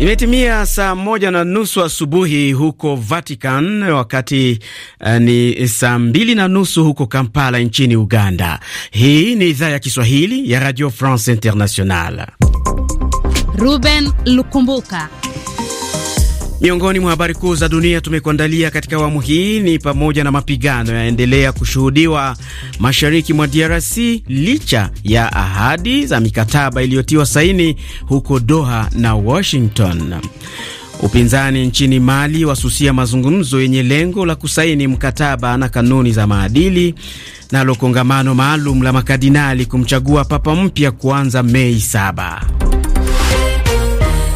Imetimia saa moja na nusu asubuhi huko Vatican, wakati uh, ni saa mbili na nusu huko Kampala nchini Uganda. Hii ni idhaa ya Kiswahili ya Radio France Internationale. Ruben Lukumbuka Miongoni mwa habari kuu za dunia tumekuandalia katika awamu hii ni pamoja na mapigano yanaendelea kushuhudiwa mashariki mwa DRC licha ya ahadi za mikataba iliyotiwa saini huko Doha na Washington. Upinzani nchini Mali wasusia mazungumzo yenye lengo la kusaini mkataba na kanuni za maadili. Nalo kongamano maalum la makadinali kumchagua papa mpya kuanza Mei saba.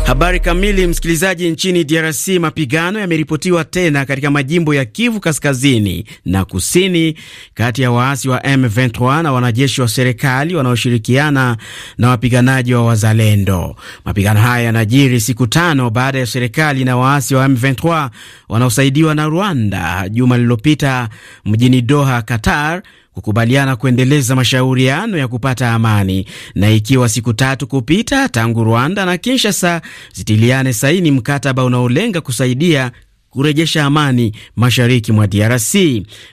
Habari kamili, msikilizaji. Nchini DRC mapigano yameripotiwa tena katika majimbo ya Kivu kaskazini na kusini, kati ya waasi wa M23 na wanajeshi wa serikali wanaoshirikiana na wapiganaji wa Wazalendo. Mapigano haya yanajiri siku tano baada ya serikali na waasi wa M23 wanaosaidiwa na Rwanda juma lililopita mjini Doha, Qatar kukubaliana kuendeleza mashauriano ya kupata amani, na ikiwa siku tatu kupita tangu Rwanda na Kinshasa zitiliane saini mkataba unaolenga kusaidia kurejesha amani mashariki mwa DRC.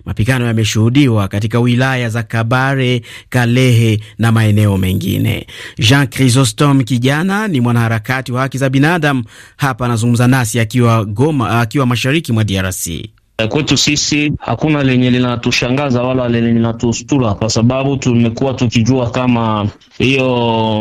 Mapigano yameshuhudiwa katika wilaya za Kabare, Kalehe na maeneo mengine. Jean Chrysostom Kijana ni mwanaharakati wa haki za binadamu, hapa anazungumza nasi akiwa Goma, akiwa mashariki mwa DRC. Eh, kwetu sisi hakuna lenye linatushangaza wala lenye linatustura, kwa sababu tumekuwa tukijua kama hiyo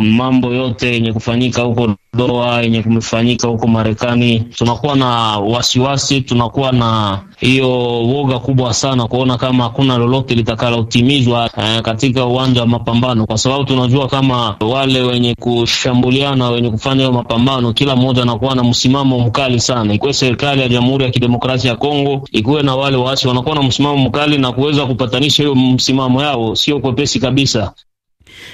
mambo yote yenye kufanyika huko doa yenye kumefanyika huko Marekani, tunakuwa na wasiwasi, tunakuwa na hiyo woga kubwa sana kuona kama hakuna lolote litakalotimizwa eh, katika uwanja wa mapambano, kwa sababu tunajua kama wale wenye kushambuliana, wenye kufanya hiyo mapambano, kila mmoja anakuwa na msimamo mkali sana. Ikuwe serikali ya Jamhuri ya Kidemokrasia ya Kongo, ikuwe na wale waasi, wanakuwa na msimamo mkali na kuweza kupatanisha hiyo msimamo yao sio kwepesi kabisa.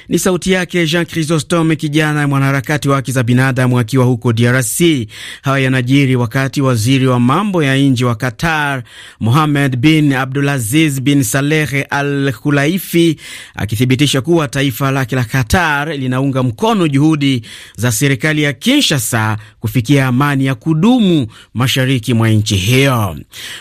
Ni sauti yake Jean Chrysostome, kijana mwanaharakati wa haki za binadamu akiwa huko DRC. Haya yanajiri wakati waziri wa mambo ya nje wa Qatar Mohamed bin Abdulaziz bin Saleh Al Khulaifi akithibitisha kuwa taifa lake la Qatar linaunga mkono juhudi za serikali ya Kinshasa kufikia amani ya kudumu mashariki mwa nchi hiyo.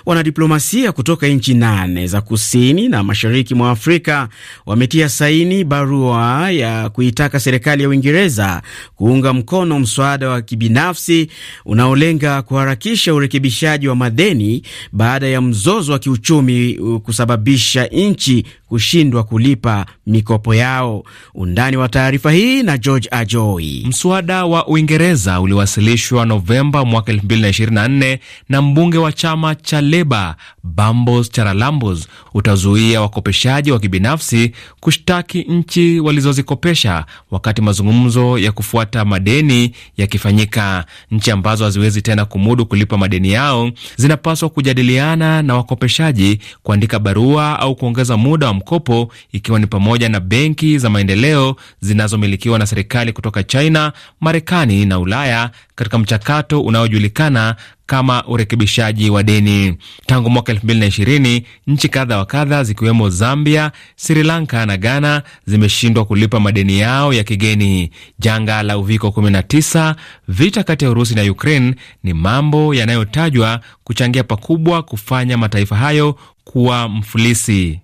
Wanadiplomasia kutoka nchi nane za kusini na mashariki mwa Afrika wametia saini barua Samoa ya kuitaka serikali ya Uingereza kuunga mkono mswada wa kibinafsi unaolenga kuharakisha urekebishaji wa madeni baada ya mzozo wa kiuchumi kusababisha nchi kushindwa kulipa mikopo yao. Undani wa taarifa hii na George Ajoi. Mswada wa Uingereza uliwasilishwa Novemba mwaka 2024 na mbunge wa chama cha Leba Bambos Charalambos utazuia wakopeshaji wa kibinafsi kushtaki nchi walizozikopesha wakati mazungumzo ya kufuata madeni yakifanyika. Nchi ambazo haziwezi tena kumudu kulipa madeni yao zinapaswa kujadiliana na wakopeshaji, kuandika barua au kuongeza muda wa mkopo, ikiwa ni pamoja na benki za maendeleo zinazomilikiwa na serikali kutoka China, Marekani na Ulaya katika mchakato unaojulikana kama urekebishaji wa deni. Tangu mwaka 2020 nchi kadha wa kadha zikiwemo Zambia, Sri Lanka na Ghana zimeshindwa kulipa madeni yao ya kigeni. Janga la uviko 19, vita kati ya Urusi na Ukraine ni mambo yanayotajwa kuchangia pakubwa kufanya mataifa hayo kuwa mfulisi.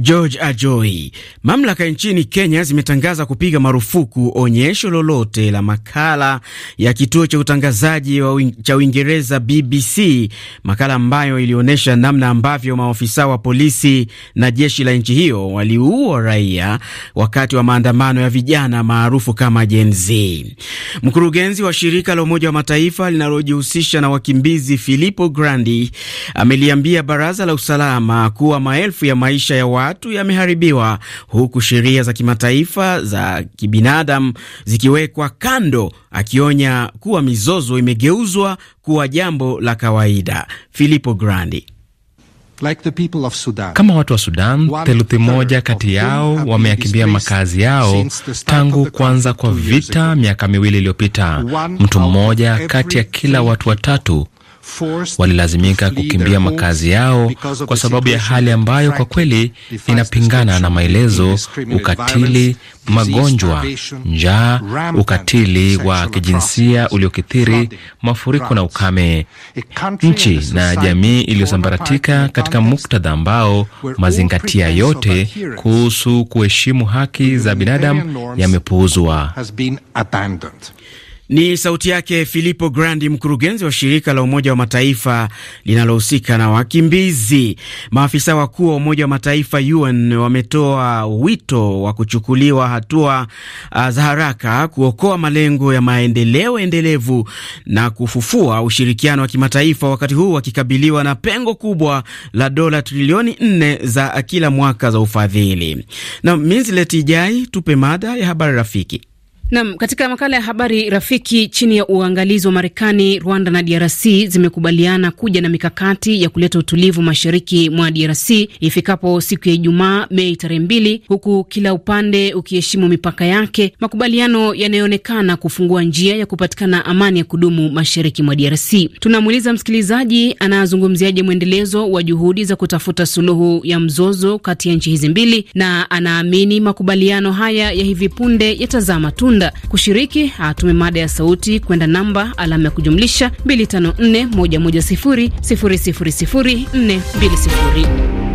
George Ajoi. Mamlaka nchini Kenya zimetangaza kupiga marufuku onyesho lolote la makala ya kituo cha utangazaji cha Uingereza BBC, makala ambayo ilionyesha namna ambavyo maofisa wa polisi na jeshi la nchi hiyo waliua raia wakati wa maandamano ya vijana maarufu kama Gen Z. Mkurugenzi wa shirika la Umoja wa Mataifa linalojihusisha na wakimbizi Filippo Grandi ameliambia baraza la usalama kuwa maelfu ya maisha ya wa watu yameharibiwa huku sheria za kimataifa za kibinadamu zikiwekwa kando, akionya kuwa mizozo imegeuzwa kuwa jambo la kawaida. Filippo Grandi Like the people of Sudan. Kama watu wa Sudan, theluthi moja kati yao wameyakimbia makazi yao tangu kuanza kwa vita miaka miwili iliyopita. Mtu mmoja kati ya kila watu watatu walilazimika kukimbia makazi yao kwa sababu ya hali ambayo kwa kweli inapingana na maelezo: ukatili, magonjwa, njaa, ukatili wa kijinsia uliokithiri, mafuriko na ukame. Nchi na jamii iliyosambaratika katika muktadha ambao mazingatia yote kuhusu kuheshimu haki za binadamu yamepuuzwa. Ni sauti yake Filippo Grandi, mkurugenzi wa shirika la Umoja wa Mataifa linalohusika na wakimbizi. Maafisa wakuu wa Umoja wa Mataifa UN wametoa wito wa kuchukuliwa hatua ah, za haraka kuokoa malengo ya maendeleo endelevu na kufufua ushirikiano wa kimataifa, wakati huu wakikabiliwa na pengo kubwa la dola trilioni nne za kila mwaka za ufadhili. Na Minzileti Ijai, tupe mada ya habari rafiki. Nam, katika makala ya habari rafiki, chini ya uangalizi wa Marekani, Rwanda na DRC zimekubaliana kuja na mikakati ya kuleta utulivu mashariki mwa DRC ifikapo siku ya Ijumaa Mei tarehe mbili, huku kila upande ukiheshimu mipaka yake, makubaliano yanayoonekana kufungua njia ya kupatikana amani ya kudumu mashariki mwa DRC. Tunamuuliza msikilizaji anazungumziaje mwendelezo wa juhudi za kutafuta suluhu ya mzozo kati ya nchi hizi mbili, na anaamini makubaliano haya ya hivi punde yatazaa matunda. Mkunda. Kushiriki atume ah, mada ya sauti kwenda namba alama ya kujumlisha 254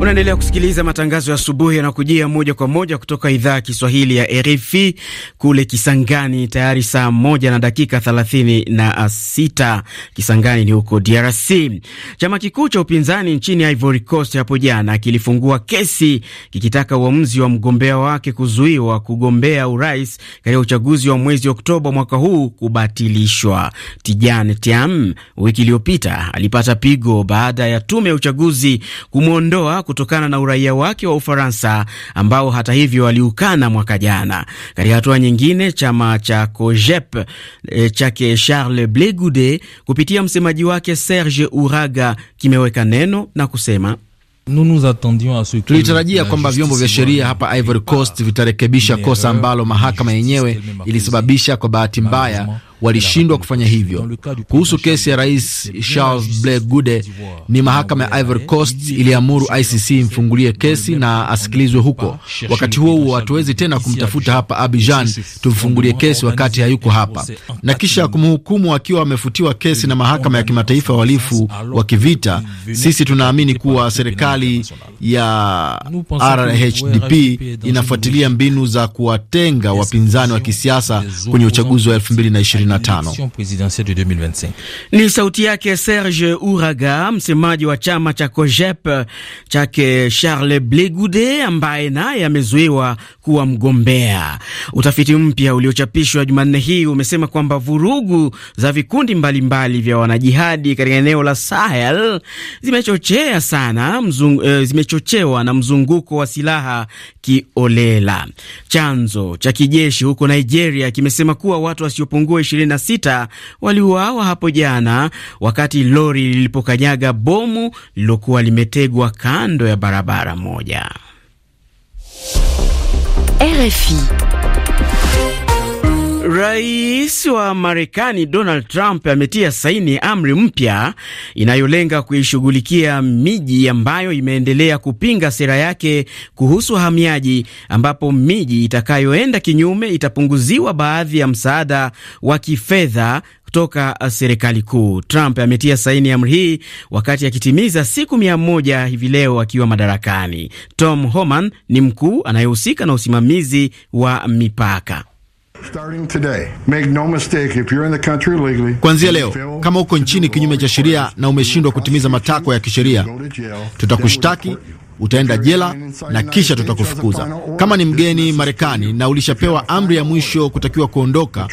Unaendelea kusikiliza matangazo ya asubuhi yanakujia moja kwa moja kutoka idhaa ya Kiswahili ya RFI kule Kisangani. Tayari saa moja na dakika thelathini na sita. Kisangani ni huko DRC. Chama kikuu cha upinzani nchini Ivory Coast hapo jana kilifungua kesi kikitaka uamuzi wa mgombea wake kuzuiwa kugombea urais katika uchaguzi wa mwezi Oktoba mwaka huu kubatilishwa. Tijan Tiam wiki iliyopita alipata pigo baada ya tume ya uchaguzi kumwondoa kutokana na uraia wake wa Ufaransa ambao hata hivyo aliukana mwaka jana. Katika hatua nyingine, chama cha COJEP e, chake Charles Ble Goude kupitia msemaji wake Serge Uraga kimeweka neno na kusema Tulitarajia kwamba vyombo vya sheria hapa Ivory Coast vitarekebisha kosa ambalo mahakama yenyewe ilisababisha kwa bahati mbaya, walishindwa kufanya hivyo. Kuhusu kesi ya Rais Charles Ble Gude, ni mahakama ya Ivory Coast iliamuru ICC imfungulie kesi na asikilizwe huko. Wakati huo huo, hatuwezi tena kumtafuta hapa Abidjan tumfungulie kesi wakati hayuko hapa, na kisha kumhukumu akiwa amefutiwa kesi na mahakama ya kimataifa ya uhalifu wa kivita. Sisi tunaamini kuwa serikali ya RHDP inafuatilia mbinu za kuwatenga wapinzani wa kisiasa kwenye uchaguzi wa 22 2025. Ni sauti yake Serge Uraga, msemaji wa chama cha COGEP chake Charles Blegude, ambaye naye amezuiwa kuwa mgombea. Utafiti mpya uliochapishwa Jumanne hii umesema kwamba vurugu za vikundi mbalimbali mbali vya wanajihadi katika eneo la Sahel zimechochea sana mzungu, e, eh, zimechochewa na mzunguko wa silaha kiolela. Chanzo cha kijeshi huko Nigeria kimesema kuwa watu wasiopungua 26 waliuawa hapo jana wakati lori lilipokanyaga bomu lililokuwa limetegwa kando ya barabara moja. RFI Rais wa Marekani Donald Trump ametia saini amri mpya inayolenga kuishughulikia miji ambayo imeendelea kupinga sera yake kuhusu wahamiaji, ambapo miji itakayoenda kinyume itapunguziwa baadhi ya msaada wa kifedha toka serikali kuu. Trump ametia saini amri hii wakati akitimiza siku mia moja hivi leo akiwa madarakani. Tom Homan ni mkuu anayehusika na usimamizi wa mipaka. Kuanzia leo, kama uko nchini kinyume cha sheria na umeshindwa kutimiza matakwa ya kisheria, tutakushtaki utaenda jela na kisha tutakufukuza. Kama ni mgeni Marekani na ulishapewa amri ya mwisho kutakiwa kuondoka,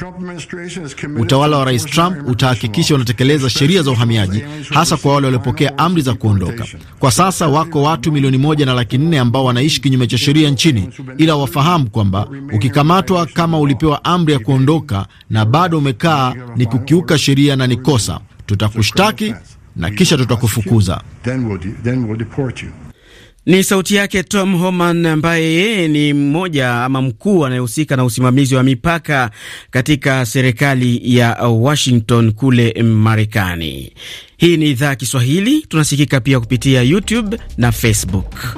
utawala wa Rais Trump utahakikisha unatekeleza sheria za uhamiaji, hasa kwa wale waliopokea amri za kuondoka. Kwa sasa wako watu milioni moja na laki nne ambao wanaishi kinyume cha sheria nchini, ila wafahamu kwamba ukikamatwa kama ulipewa amri ya kuondoka na bado umekaa, ni kukiuka sheria na ni kosa. Tutakushtaki na kisha tutakufukuza. Ni sauti yake Tom Homan, ambaye yeye ni mmoja ama mkuu anayehusika na usimamizi wa mipaka katika serikali ya Washington kule Marekani. Hii ni idhaa ya Kiswahili, tunasikika pia kupitia YouTube na Facebook.